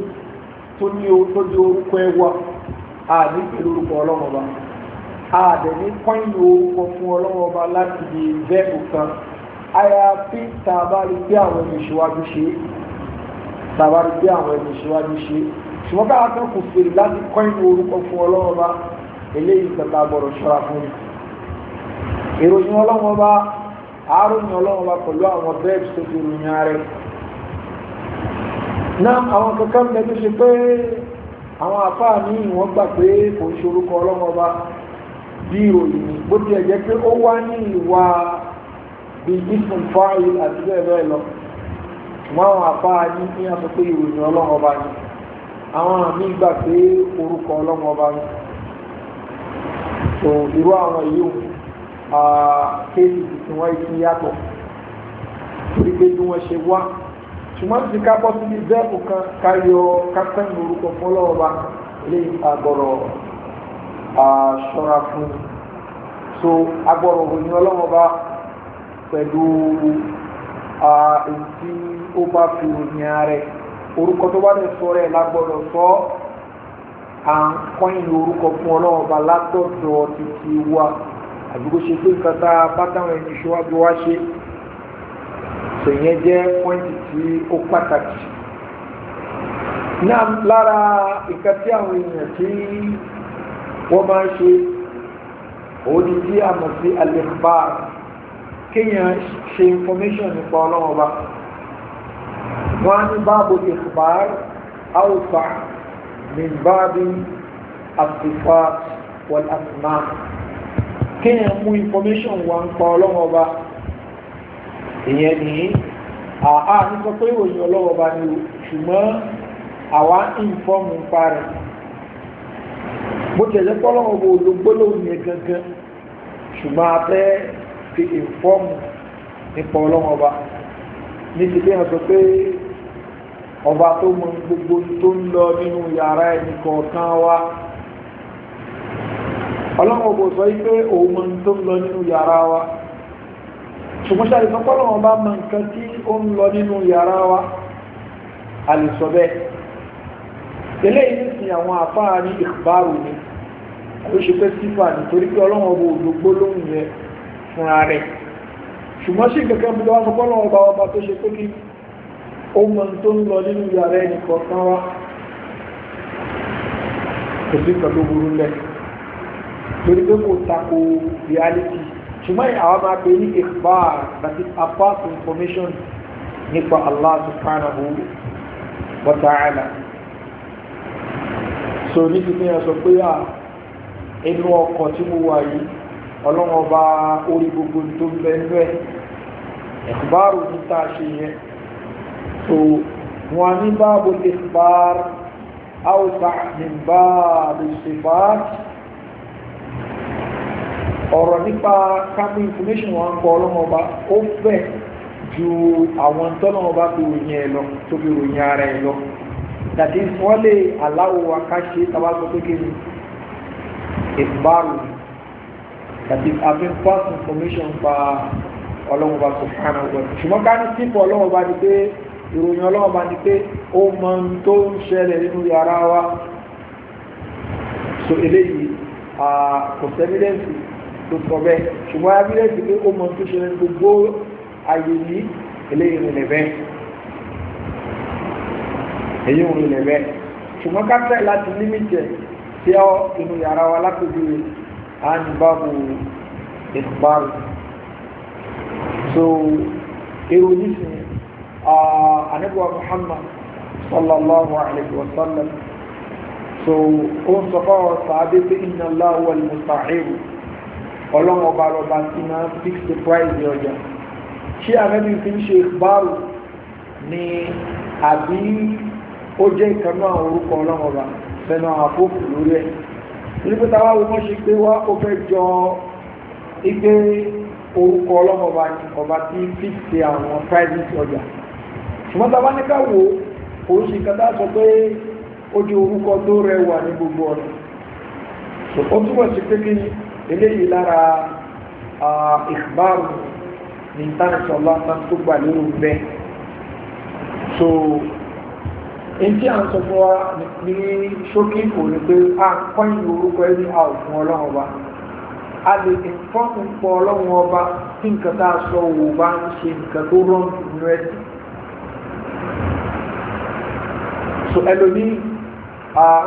tó ní orúkọ ẹwà àní pẹ̀lú orúkọ ọlọ́mọba àdẹ̀ní pọ́ìnì orúkọ fún ọlọ́mọba láti di bẹ́ẹ̀kù kan àyàfi tàbárí pé àwọn ẹni ìṣíwájú ṣe tàbárí pé àwọn ẹni ìṣíwájú ṣe ṣùgbọ́n ká akẹ́ kò fèrè láti pọ́ìnì orúkọ fún ọlọ́mọba eléyìí tẹ̀ta gbọ́dọ̀ ṣọ́ra fún ìròyìn ọlọ́mọba àáròyìn náà àwọn kankan bẹ tó ṣe pé àwọn àfáà ní ìwọ̀n gbà pé kò ń ṣorúkọ ọlọ́mọba bí ìròyìn bó ti ẹ̀jẹ̀ pé ó wá ní ìwà bí ìfún fáyì àti bẹ́ẹ̀ bẹ́ẹ̀ lọ ṣùgbọ́n àwọn àfáà ní kí wọ́n sọ pé ìròyìn ọlọ́mọba ni àwọn àmì gbà pé orúkọ ọlọ́mọba ni so irú àwọn yìí kéèsì tuntun wọ́n ti yàtọ̀ torí pé bí wọ́n ṣe wá ṣùgbọ́n ti ká bọ́ síbi zẹ́ẹ̀kù kan káyọ kápẹ́ lórúkọ fọlọ́ọ̀ba lè agbọ̀rọ̀ ṣọ́ra fún so agbọ̀rọ̀ òyìn ọlọ́mọba pẹ̀lú èyí ó bá fi òyìn ààrẹ orúkọ tó bá lè sọ rẹ̀ lágbọ̀rọ̀ sọ à ń kọ́yìn orúkọ fún ọlọ́mọba látọ̀dọ̀ títí wa àbí ṣe pé nǹkan tá a bá táwọn ẹni ṣọ́wájú wá ṣe sèyẹn jẹ́ pọ́ìntì tí ó pàtàkì náà lára ìka tí àwọn èèyàn tí wọ́n máa ń ṣe òdi tí a mọ̀ sí al kéèyàn ṣe information nípa ọlọ́wọ́n bá wọ́n á ní báàbò ikhbar awfa min báàbí as-sifat wal asma kéèyàn mú information wà ń pa ọlọ́wọ́n bá ìyẹn ní àá ní sọ pé ìròyìn ọlọ́wọ́ bá ní ṣùgbọ́n àwa ń fọ́ọ̀mù ń parẹ́ bó tẹ̀lé pọ́lọ́wọ́ bó ológbólóhùn yẹn gangan ṣùgbọ́n a fẹ́ fi ìfọ́ọ̀mù nípa ọlọ́wọ́ bá ní ti bí wọn sọ pé ọba tó mọ gbogbo tó ń lọ nínú yàrá ẹnì kọ̀ọ̀kan wa ọlọ́wọ́ bó sọ pé òun mọ tó ń lọ nínú yàrá wa ṣùgbọ́n ṣe àìsànpọ̀lọ̀ wọn bá mọ nǹkan tí ó ń lọ nínú yàrá wa àlìsọ bẹ́ẹ̀ eléyìí ní sin àwọn àfáà ní ìbáru ni kò ṣe pé sífà nítorí pé ọlọ́wọ́n bo òdògbó lóhùn yẹn fúnra rẹ̀ ṣùgbọ́n sí kankan bí wọ́n sọpọ́ lọ́wọ́ bá wọn bá tó ṣe pé kí ó mọ tó ń lọ nínú yàrá ẹnì kọ̀ọ̀kan wa kò sí nǹkan tó burú lẹ̀ torí pé kò tako reality ṣùgbọ́n àwọn máa pè ní ikhbar that is apart from information nípa Allah subhanahu wa ta'ala so ní ti fi hàn sọ pé à ah, inú ọkọ̀ tí mo wà yìí ọlọ́run ọba orí gbogbo tó ń bẹ nú ẹ̀ ní tá a ṣe yẹn so wọn ní báàbò ikhbar awsa min báàbò sifat ọ̀rọ̀ nípa kápú information wọn kọ ọlọ́mọba ó fẹ̀ ju àwọn tọ́lọ́mọba fi ròyìn ẹ̀ lọ tó fi ròyìn ara ẹ̀ lọ dàtí wọ́n lè aláwọ̀ wa ká ṣe tabasọ pé kí ni ìbárò dàtí àfi pass information pa ọlọ́mọba subhanahu wa ta'ala ṣùgbọ́n ká ní sípò ọlọ́mọba ni pé ìròyìn ọlọ́mọba ni pé ó mọ ohun tó ń ṣẹlẹ̀ nínú yàrá wa so eléyìí kò sẹ́mídẹ́ǹsì ló sọ bẹ́ẹ̀ ṣùgbọ́n abílẹ̀ ti pé ó mọ tó ṣe gbogbo ayé ní eléyìí rìnlẹ̀ bẹ́ẹ̀ èyí ń rìnlẹ̀ bẹ́ẹ̀ ṣùgbọ́n ká fẹ́ láti límìtì ẹ̀ tí ọ inú yàrá wa lápèjú à ń bá mu ìpàrọ̀ so èrò nísìnyí anabuwa Muhammad sallallahu alayhi wa sallam so ó ń sọ fáwọn sàábé pé inna Allah wal musta'in ọlọ́run ọba lọ́ba tí máa fix the price ọjà ṣé àmẹ́bí fi ń ṣe ìbáàrù ni àbí ó jẹ́ ìkànnú àwọn orúkọ ọlọ́run ọba fẹ́nu àwọn àpòkù lórí ẹ̀ nígbà táwa wo wọ́n ṣe pé wá ó fẹ́ jọ igbe orúkọ ọlọ́run ọba ni ọba tí fix àwọn price ọjà ṣùgbọ́n táwa ní ká wo oríṣi kan tá a sọ pé ó di orúkọ tó rẹwà ní gbogbo ọ̀nà ó túbọ̀ sí pé kí ni eléyìí lára ìgbàrún ní tánṣọ́ lọ́pàá tó gbà lórí bẹ́ẹ̀ so èyí tí a ń sọ fún wa ní ṣókí kò ní pé a kọ́yìn orúkọ ẹni a ò fún ọlọ́run ọba a lè ní fọ́ọ̀mù pọ ọlọ́run ọba tí nǹkan tá a sọ wò bá ń ṣe nǹkan tó rán nínú ẹ̀sìn so ẹlòmíì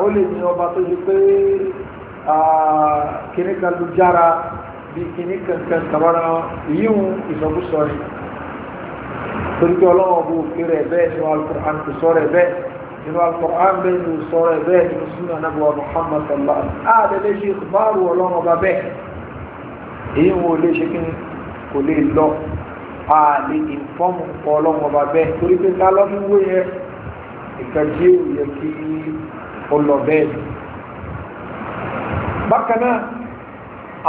ó lè ní ọba tó ṣe pé Kini kan ló jára bí kìíní kankan tàbára yíwù ìsọkúsọ rẹ̀ torí pé ọlọ́wọ́ bó fi rẹ̀ bẹ́ẹ̀ be, alukur'an kò sọ rẹ̀ bẹ́ẹ̀ nínú alukur'an bẹ́ẹ̀ ni sọ rẹ̀ bẹ́ẹ̀ nínú sunan nabi wa muhammad sallallahu alaihi wasallam. sallam àdàlẹ́ ṣe ìbáàrù ọlọ́wọ́ bá bẹ́ẹ̀ èyí wo lè ṣe kí kò lè lọ a lè ìfọ́mù ọlọ́wọ́ bá bẹ́ẹ̀ torí pé ká lọ́dún wó yẹ ìkàjẹ́ òye kí ó lọ bẹ́ẹ̀ bákan náà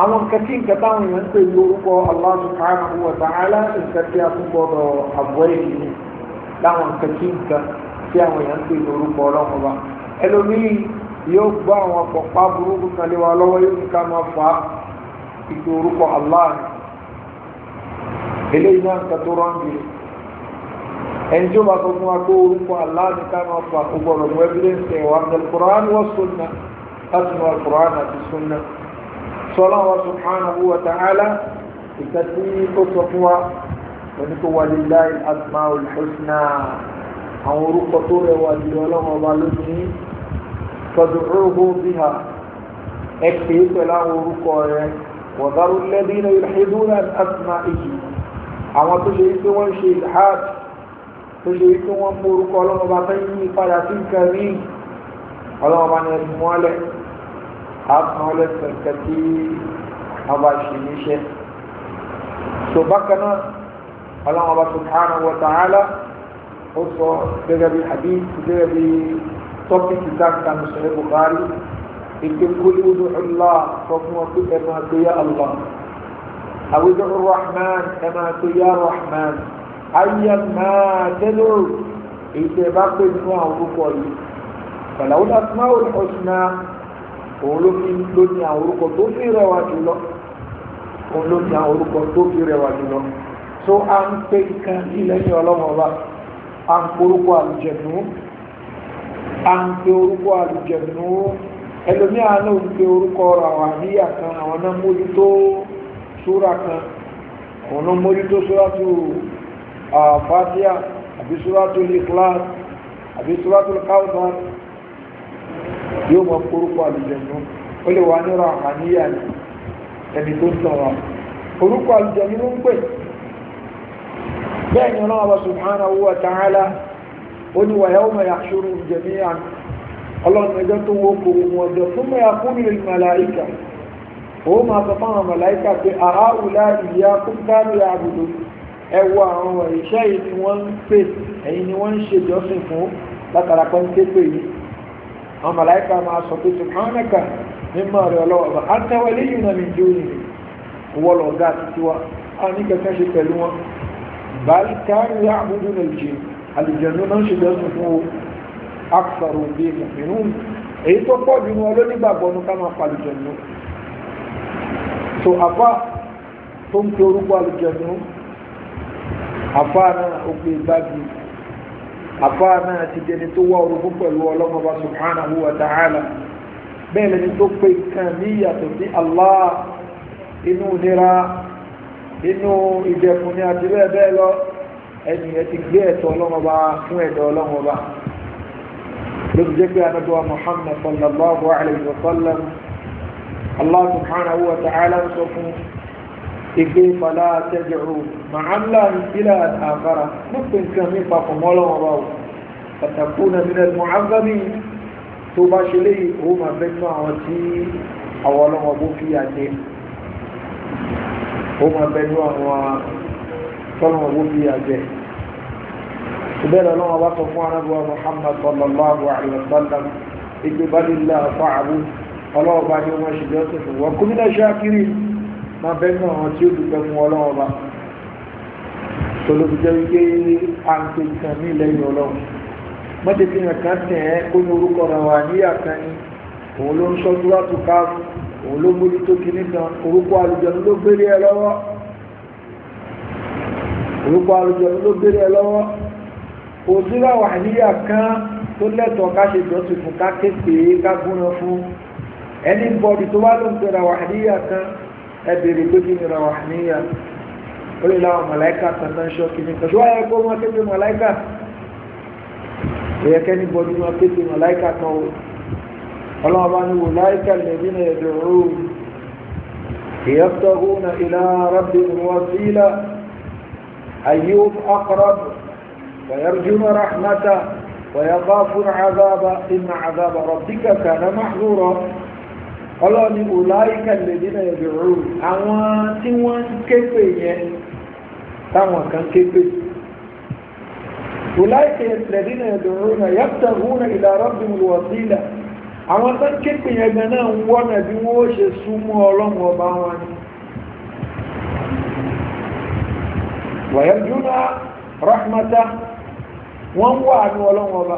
àwọn nǹkan tí nǹkan táwọn èèyàn pè ní orúkọ Allah subhanahu wa ta'ala nǹkan tí a tún gbọdọ̀ àbúrò yìí láwọn nǹkan tí nǹkan tí àwọn èèyàn ń pè ní orúkọ ọlọ́run wa ẹlòmíì yóò gbọ́ àwọn pọ̀pá burúkú kan lé wa lọ́wọ́ yóò ní ká máa fà á ìpè orúkọ Allah eléyìí náà nǹkan tó rọ́ǹgì ẹni tí ó bá sọ fún wa pé orúkọ Allah ní ká máa fà á gbọ́dọ̀ mú evidence quran wa Sunnah أسمى القرآن في السنة صلى الله سبحانه وتعالى التي أصفوا ونكو ولله الأسماء الحسنى أمرك طول ولي ولم ظلمني فادعوه بها اكفيك لا أمرك وذروا الذين يلحدون الأسماء أسمائه أما تشريك وانشي الحاج تشريك وانبورك ولم ظلمني فلا تنكرين ولم ظلمني àtúnwọ́ lẹ́sẹ̀ nǹkan tí wọ́n bá ṣe níṣẹ́ so bákan náà ọlọ́run ọba subhanahu wa ta'ala ó sọ gẹ́gẹ́ bí hadith gẹ́gẹ́ bí tọ́pìkì dáńtà mùsùlùmí Bukhari ìpín kúlí ọdún ọlá sọ fún wọn pé ẹ máa tó yá Allah àwùjọ rahman ẹ máa tó yá rahman ayé máa tẹ́lẹ̀ èyí tẹ́ bá pè nínú àwọn orúkọ yìí pẹ̀lú àwọn asmáwòl ọ̀sùn náà òun ló fi ló ní àwọn orúkọ tó fi rẹwà jùlọ òun ló ní àwọn orúkọ tó fi rẹwà jùlọ tó à ń pè nǹkan ilẹ̀ ní ọlọ́run ọba à ń porúkọ àlùjẹ̀nú à ń pe orúkọ àlùjẹ̀nú ẹlòmíà náà ń pe orúkọ ọ̀rọ̀ àwọn àníyà kan àwọn náà mójútó súra kan àwọn náà mójútó súra tó Fatiha àbí súra tó Ikhlas àbí súra tó Kawthar yóò mọ orúkọ àlùjẹ̀nu ó lè wà nírọ̀ àmàníyà ni ẹni tó ń tàn wá orúkọ àlùjẹ̀nu ló ń pè bẹ́ẹ̀ ni ọlọ́wọ́ subhanahu wa ta'ala ó ní wa yawma yahshuruhum jami'an ọlọ́run ẹjọ́ tó wó kò wọ́n ọjọ́ fún mẹ́ya fún ilẹ̀ màláìkà ó máa sọ fáwọn màláìkà pé àáwùlá ìyá fún káàmìlà àbùdó ẹwọ àwọn ìṣẹ́ yìí ni wọ́n ń pè ẹ̀yìn ni wọ́n ń ṣe fún látara pọ́ńképe yìí àwọn màláìka máa sọ pé subhanaka mímọ́ rẹ̀ ọlọ́wọ́ bá àtàwọn eléyìí náà mi jó nìyí wọ́n lọ dá títí wa a ní kẹta ṣe pẹ̀lú wọn báyìí káàrí àbújú náà jì àlùjẹ̀nú náà ṣe dẹ́sùn fún o akṣàrò bíi pa àlùjẹ̀nú so àfa tó ń pe orúkọ àlùjẹ̀nú àfa náà ó pe gbági àfáà náà ti dẹni tó wá orogún pẹ̀lú ọlọ́mọba subhanahu wa ta'ala bẹ́ẹ̀ lẹni tó pé nǹkan ní ìyàtọ̀ sí Allah inú nira inú ìjẹkùn ni àti bẹ́ẹ̀ bẹ́ẹ̀ lọ ẹni ẹ ti gbé ẹ̀tọ́ ọlọ́mọba fún ẹ̀dọ̀ ọlọ́mọba ló ti jẹ́ pé anagbọ́n Muhammad sallallahu alayhi wa sallam Allah subhanahu wa ta'ala sọ fún ìgbé fàlà àtẹ́jọ̀rò màálà ìbílà àfàrà nípa nǹkan mi papọ̀ mọ́lọ́wọ́ wa o pàtàkù na mílẹ̀ mọ́àgbámi tó bá ṣe léyìí ó máa bẹ́ tún àwọn tí àwọn ọlọ́wọ́ bó fi àjẹ ó máa bẹ́ tún àwọn tọ́lọ́wọ́ fi àjẹ. سبحان الله وصفوانا محمد صلى má bẹ́ẹ̀ náà tí ó dùgbẹ́ fún ọlọ́run ọba tolóbi jẹ́ wípé àǹtí kan ní lẹ́yìn ọlọ́run mọ́tẹ́ fi hàn kan tẹ̀ ẹ́ kó ní orúkọ rẹ̀ wà ní àkàn ni òun ló ń sọ túrátù káàfù òun ló mójú tó kinní kan orúkọ àlùjọ̀nù ló gbélé ẹ lọ́wọ́ orúkọ àlùjọ̀nù ló gbélé ẹ lọ́wọ́ òsínà wà níyà kan tó lẹ́tọ̀ọ́ ká ṣe jọ́sìn fún ká kékeré ká gúnran fún ẹni bọ́ọ̀dì tó wá ló ń pera wà níyà kan ẹbèrè pé kí ni ràwà níyà ó lè láwọn màláìkà kankan ṣọ́ kí ni kan ṣọ́ ayẹ kó wọn kéde màláìkà èyẹ kẹ́ni bọ́dú wọn kéde màláìkà kan o ọlọ́wọ́n bá ní wò láìkà lèmi náà ẹ̀dọ̀ òun يبتغون إلى ربهم وسيلة أيوب أقرب ويرجون رحمته ويخافون عذابه إن عذاب ربك كان محظورا ọlọ́ni ọláìkà lèdínà ìbẹ̀rù àwọn tí wọ́n ń képe yẹn táwọn kan képe ọláìkà lèdínà ìbẹ̀rù náà yàtọ̀ húnà ìlàrọ̀ bí mo wọ̀ sí ilà àwọn tó ń képe yẹn gan náà ń wọ́nà bí wọ́n ṣe súnmọ́ ọlọ́run ọba wọn ni wàyẹ̀ rahmata wọ́n wà ní ọlọ́run ọba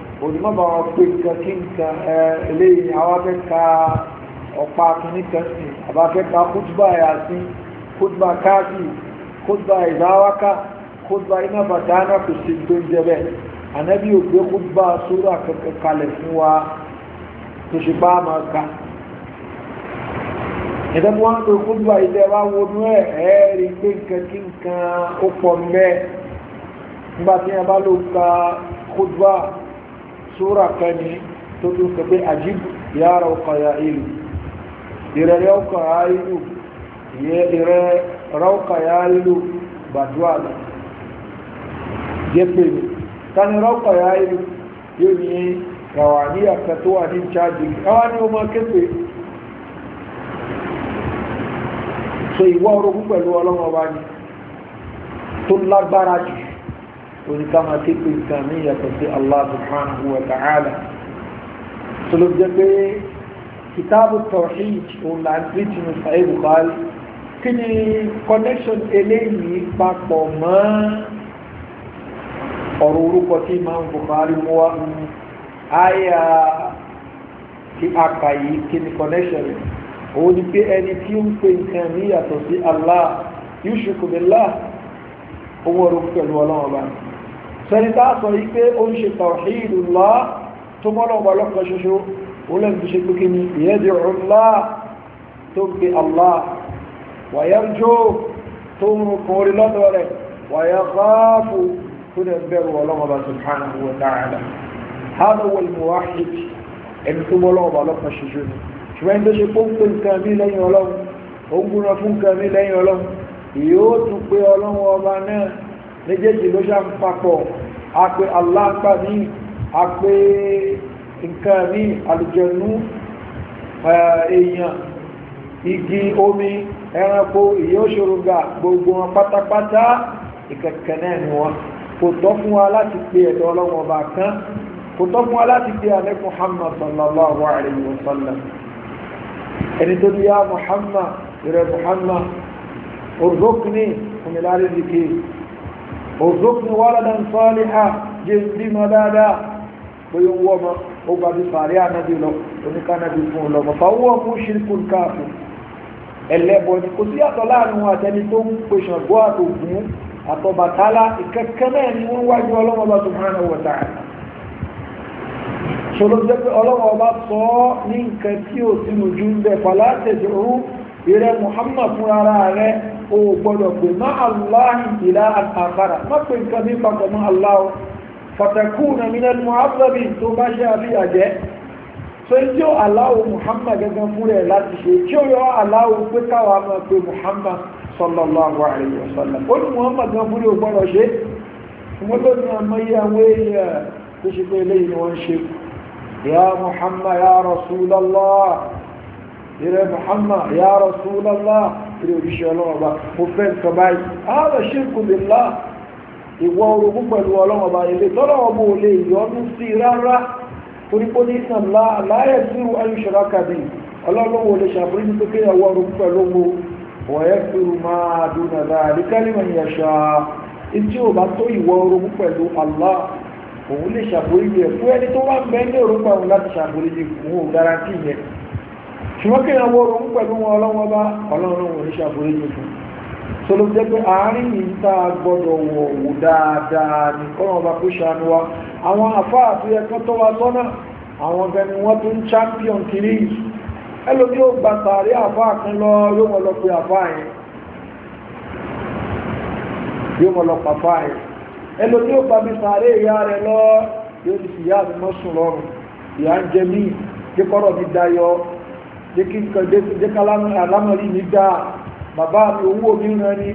onímọ̀ bá wọn pé nǹkan kí nǹkan ẹ eléyìí àwọn afẹ́ka ọ̀pá akínní kan sí àbá afẹ́ka kútùbà yàtí kútùbà káàkì kútùbà ìdáwáká kútùbà iná bàdánà kò sí tó ń jẹ bẹ́ẹ̀ ànábì ò gbé kútùbà sórí kankan kalẹ̀ fún wa tó ṣe bá a máa ka ìdẹ́gbọ́n wọn pé kútùbà ìdẹ́ wa wọnú ẹ̀ ẹ́ẹ̀rí pé nǹkan kí nǹkan ó pọ̀ mẹ́ẹ̀ nígbà tí yẹn bá ló ka kútùbà súra kan ní tó tún sọ pé ajib yára ọkọ̀ ya ìlú ìrẹ̀rẹ̀ ọkọ̀ ya ìlú ìrẹ̀rẹ̀ ọkọ̀ ya ìlú gbàdúrà lọ jẹ́ pé mi ta ni ya ìlú yóò ní kàwà ní àkàtúwà ní chájì káwà ní ọmọ kéfèé so ìwọ orogún pẹ̀lú ọlọ́mọba ni tó lágbára jù oníkàmá tí kò nǹkan ní ìyàtọ̀ sí Allah subhanahu wa ta'ala tó ló jẹ́ pé kìtàbù tawhid òun là ń rí tìǹbù sàyè bùkálì kí ni connection eléyìí papọ̀ mọ́ ọ̀rọ̀ orúkọ tí Imam Bukhari mú wá àyà tí a kà yìí kí connection rẹ̀ òun ni pé ẹni tí ó ń pè nǹkan Allah yushriku billah owó orúkọ pẹ̀lú ọlọ́run ọba sẹ́ríkà sọ wípé ó ń ṣe tàwàhídùlá tó mọ́nà ọba lọ́kọ̀ ṣoṣo olóògbé ṣe pé kí ni ìyẹ́dì ọ̀rọ̀lá tó gbé allah wàyẹ́rjó tó ń rúkun orí lọ́dọ̀ rẹ̀ wàyẹ́ fáfù tó dẹ̀ bẹ̀rù ọlọ́mọba subhanahu méjèèjì ló ṣá ń papọ̀ a pé aláǹgbà ní a pé nǹkan ní àlùjẹ̀nú èèyàn igi omi ẹranko ìyóṣòrògà gbogbo wọn pátápátá ìkẹ̀kẹ̀ náà ni wọn kò tọ́ fún wa láti pe ẹ̀dọ́ ọlọ́wọ́n ọba kan kò tọ́ fún wa láti pe àlẹ́ muhammad sallallahu alayhi wa sallam ẹni tó bí ya muhammad rẹ muhammad orúkú ní fúnmilárí zikiri òzókùn wọ́lọ́dán sọ́ọ́lì à jẹ́ bímọ dáadáa bóyá owó ọmọ ó gba bí sàárẹ̀ ànábì lọ oníkànábì fún un lọ mọ̀fà owó ọmọ ṣírkù káàfù ẹlẹ́bọ̀ ni kò sí àtọ̀ láàrin wọn àtẹni tó ń pèsè ọ̀gbọ́ àtògùn àtọ̀bàtálá ìkẹ́kẹ́ náà ni wọ́n wájú ọlọ́wọ́ bá subhanahu wa ta'ala ṣòro ìrẹ muhammad fún ara rẹ o gbọdọ̀ pé má aláhi ìlà àkàrà má pé nǹkan ní papọ̀ mọ́ aláwọ̀ fàtàkù na mílẹ̀ muhammadin tó bá ṣe àfihàn jẹ́ tó ń tí ó aláwọ̀ muhammad gẹ́gẹ́ fún rẹ̀ láti ṣe tí ó yọ aláwọ̀ pé káwa máa pé muhammad sallallahu alayhi wa sallam ó ní muhammad gan fún rẹ̀ o gbọdọ̀ ṣe ìmọ́tò ní àmọ́yé àwọn èèyàn tó ṣe pé eléyìí ni wọ́n ṣe ya muhammad ya rasulallah ìrẹ́ muhammad ya rasulallah ìrẹ́ òṣìṣẹ́ ọlọ́mọba mo fẹ́ nǹkan báyìí ààrẹ ṣírkù billah ìwọ orogún pẹ̀lú ọlọ́mọba ilé tọ́lọ́mọba ò lè yọnu sí rárá torí pé ní ìsàn láàyè sírù ayúṣọ́ra kàdé ọlọ́lọ́wọ́ lè ṣàfihàn tó kéyàwó orogún pẹ̀lú owó wọ̀yẹ́kùrù máa dúnà dáadé kálímà ní ẹ̀ṣà tí ó bá tó ìwọ orogún pẹ̀lú Allah òun lè ṣàforíjì ẹ̀ fún ẹni tó wá mẹ́lẹ̀ orúkọ àwọn láti ṣàforíjì fún òun garanti yẹn ṣùgbọ́n kí ìyàwó oorun pẹ̀lú wọn ọlọ́wọ́ bá ọlọ́run wọn ní ṣàforíjì fún so ló jẹ́ pé àárín yìí tá a gbọ́dọ̀ wọ̀ wò dáadáa ní kọ́nà ọba kó ṣàánú wa àwọn àfáà tó yẹ kán tó wa sọ́nà àwọn ọ̀gá ni wọ́n tó ń champion kiri yìí ẹlòmí ó gba tààrí àfáà kan lọ yóò mọ̀ lọ pé àfáà yẹn yóò mọ̀ lọ pa àfáà yẹn ẹlòmí ó gba mi tààrí ìyá rẹ̀ jẹ́kí alámọ̀rí mi dáa bàbá mi owó mi rán ní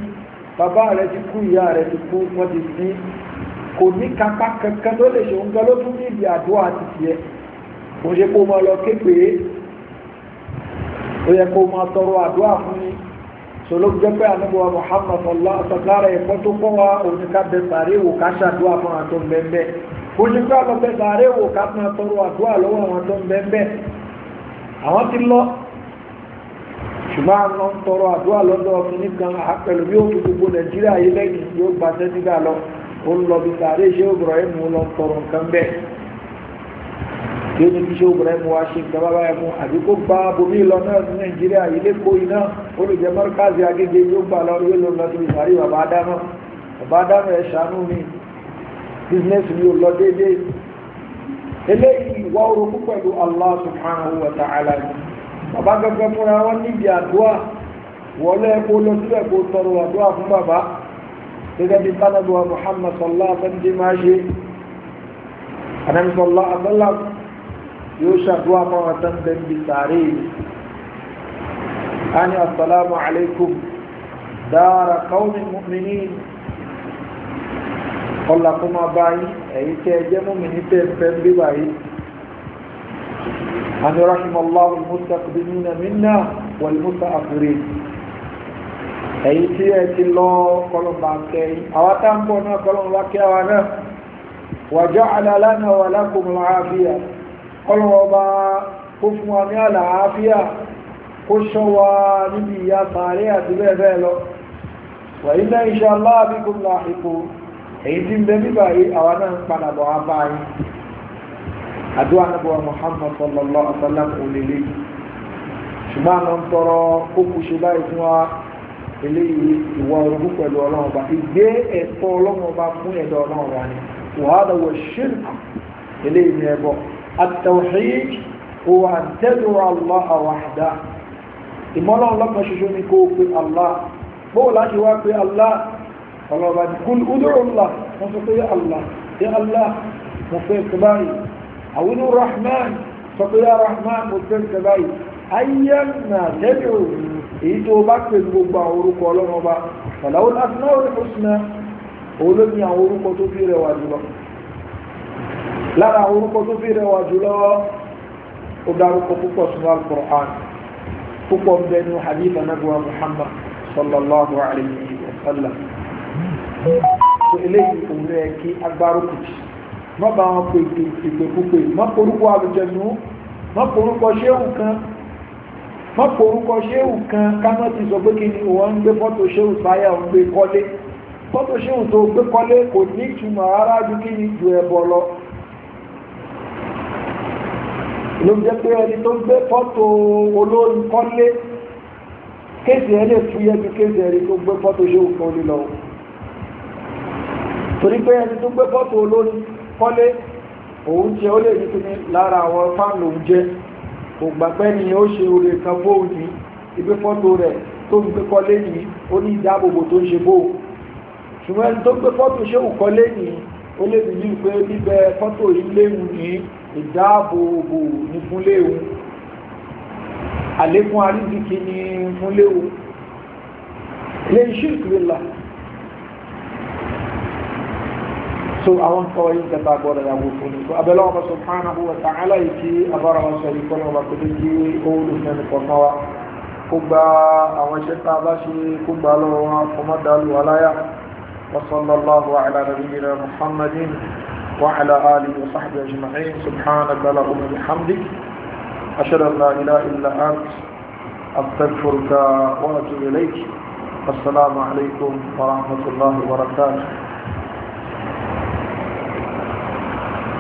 bàbá rẹ̀ ti kú ìyá rẹ̀ ti kú wọ́n ti sí kò ní kápá kankan tó lè ṣe oúnjẹ ló tún ni sọlọ́ jẹ́ pé ànábọ̀wá Muhammad ẹ̀kọ́ tó kọ́ wa òníkà bẹ sàárè wò ká ṣàdúrà fún àtọ́ mbẹ́mbẹ́ kò ṣe pé àlọ́ bẹ sàárè wò ká máa tọrọ àdúrà lọ́wọ́ àwọn àtọ́ mbẹ́mbẹ́ àwọn ti lọ ṣùgbọ́n àwọn ń tọrọ àdúrà lọ́dọ̀ ọkùnrin kan pẹ̀lú bí òun gbogbo nàìjíríà yìí lẹ́yìn yóò gba sẹ́dígà lọ ó ń lọ bí sàárè ṣé òbúrọ̀ ẹ̀mú lọ ń tọrọ nǹkan bẹ́ẹ̀ tí ó ní kí ṣé òbúrọ̀ ẹ̀mú wá ṣe nǹkan bábá ẹ̀mú àbí kó gba bomi lọ náà ní nàìjíríà yìí lè kó iná olùjẹ mọ́rkáàzì agége yóò gbà lọ yóò lọ lọ síbi sàárè bàbá adámọ̀ bàbá adámọ̀ ẹ̀ ṣàánú mi bísínẹ́sì mi ò lọ déédéé eléyìí ìwà orogún pẹ̀lú Allah subhanahu wa ta'ala ni bàbá gẹ́gẹ́ fúnra wọn níbi àdúrà wọlé epo lọ sílẹ̀ kó tọrọ àdúrà fún bàbá gẹ́gẹ́ bí tánàdùwà Muhammad sallallahu alaihi wa sallam ti máa ṣe anamisọlá abẹ́lá yóò ṣàdúrà fáwọn tán bẹ́ẹ̀ bí sàárè ani ọlá kó máa bá yín ẹ̀yin tẹ́ ẹ jẹ́ mọ́mí ní tẹ́ ẹ fẹ́ ń bíbà yìí àni rahimallahu almustaqdimina minna walmusta'akhirin ẹ̀yin tí ẹ ti lọ kọlọmbà kẹyìn àwa tá ń bọ̀ náà kọlọmbà kẹ àwa náà wa ja'ala lana wa lakum al-afiya kọlọmbà kó fún wa ní àlàáfíà kó ṣọ́ wa níbi ìyá sàárẹ̀ àti bẹ́ẹ̀ bẹ́ẹ̀ lọ wa inna insha Allah bikum èyí tí ń bẹ nígbà yìí àwa náà ń padà bọ̀ wá báyìí àdúrà nàbọ̀ Muhammad sallallahu alaihi wa sallam òlélẹ́ ṣùgbọ́n àwọn tọrọ kókò ṣe báyìí fún wa eléyìí ìwà orogún pẹ̀lú ọlọ́run ọba ìgbé ẹ̀tọ́ ọlọ́run ọba fún ẹ̀dọ̀ ọlọ́run ọba ni wàhálà wọ̀ ṣírkù eléyìí ni ẹbọ at-tawhid huwa an tad'u Allah wahda lọ́kàn ṣoṣo ni kó o pe Allah bóòlá ṣe wá pe Allah ọlọ́ba ní kúlù udúró ńlá wọ́n sọ pé yá allah yá allah mo fẹ́ nǹkan báyìí àwọn inú rahman sọ pé yá rahman mo fẹ́ nǹkan báyìí ayé nà tẹ́lẹ̀ o èyí tó bá pè gbogbo àwọn orúkọ ọlọ́run ọba ṣàlàwọ́ lásìlá orí ọ̀sùnà olómi àwọn orúkọ tó fi rẹwà jùlọ lára ó dárúkọ púpọ̀ sínú al púpọ̀ bẹnu hadith anabuwa muhammad sallallahu alayhi wa sallam tó eléyìí òun rẹ̀ kí agbárò kùtì má bá wọn pè ìpèkúpè má porúkọ àlùjẹnu má porúkọ ṣéhù kan má porúkọ ṣéhù kan káná ti sọ pé kí ni wọ́n ń gbé fọ́tò ṣéhù sáyà ń gbé kọ́lé fọ́tò ṣéhù tó gbé kọ́lé kò ní ìtumọ̀ rárá ju kí ni ju ẹbọ lọ ló jẹ́ pé ẹni tó gbé fọ́tò olórin kọ́lé kéèsì ẹ lè ju kéèsì ẹni tó gbé fọ́tò ṣéhù kan lílọ torí pé ẹni tó gbé fọ́tò olórí kọ́lé òun jẹ́ ó lè rí kí ní lára àwọn fáànù òun jẹ́ kò gbàgbẹ́ ni ó ṣe oore kan bóun ní ibi fọ́tò rẹ̀ tó ń gbé kọ́lé ní ó ní ìdáàbòbò tó ń ṣe bóun ṣùgbọ́n ẹni tó gbé fọ́tò ṣé ò kọ́lé ní ó lè bí ní pé bíbẹ fọ́tò iléwu ní ìdáàbòbò ní fúnléwu àlékún arídìkì ní fúnléwu lè ṣírkìlélà سو اوان كوي جتا بولا يا بوفوني كو ابي الله سبحانه وتعالى يكي ابارا وسلي كل ما كنتي او دفن قطوا كوبا اوان شتا باشي كوبا لو وما دال ولايا وصلى الله على نبينا محمد وعلى اله وصحبه اجمعين سبحانك اللهم وبحمدك اشهد ان لا اله الا انت استغفرك واتوب اليك السلام عليكم ورحمه الله وبركاته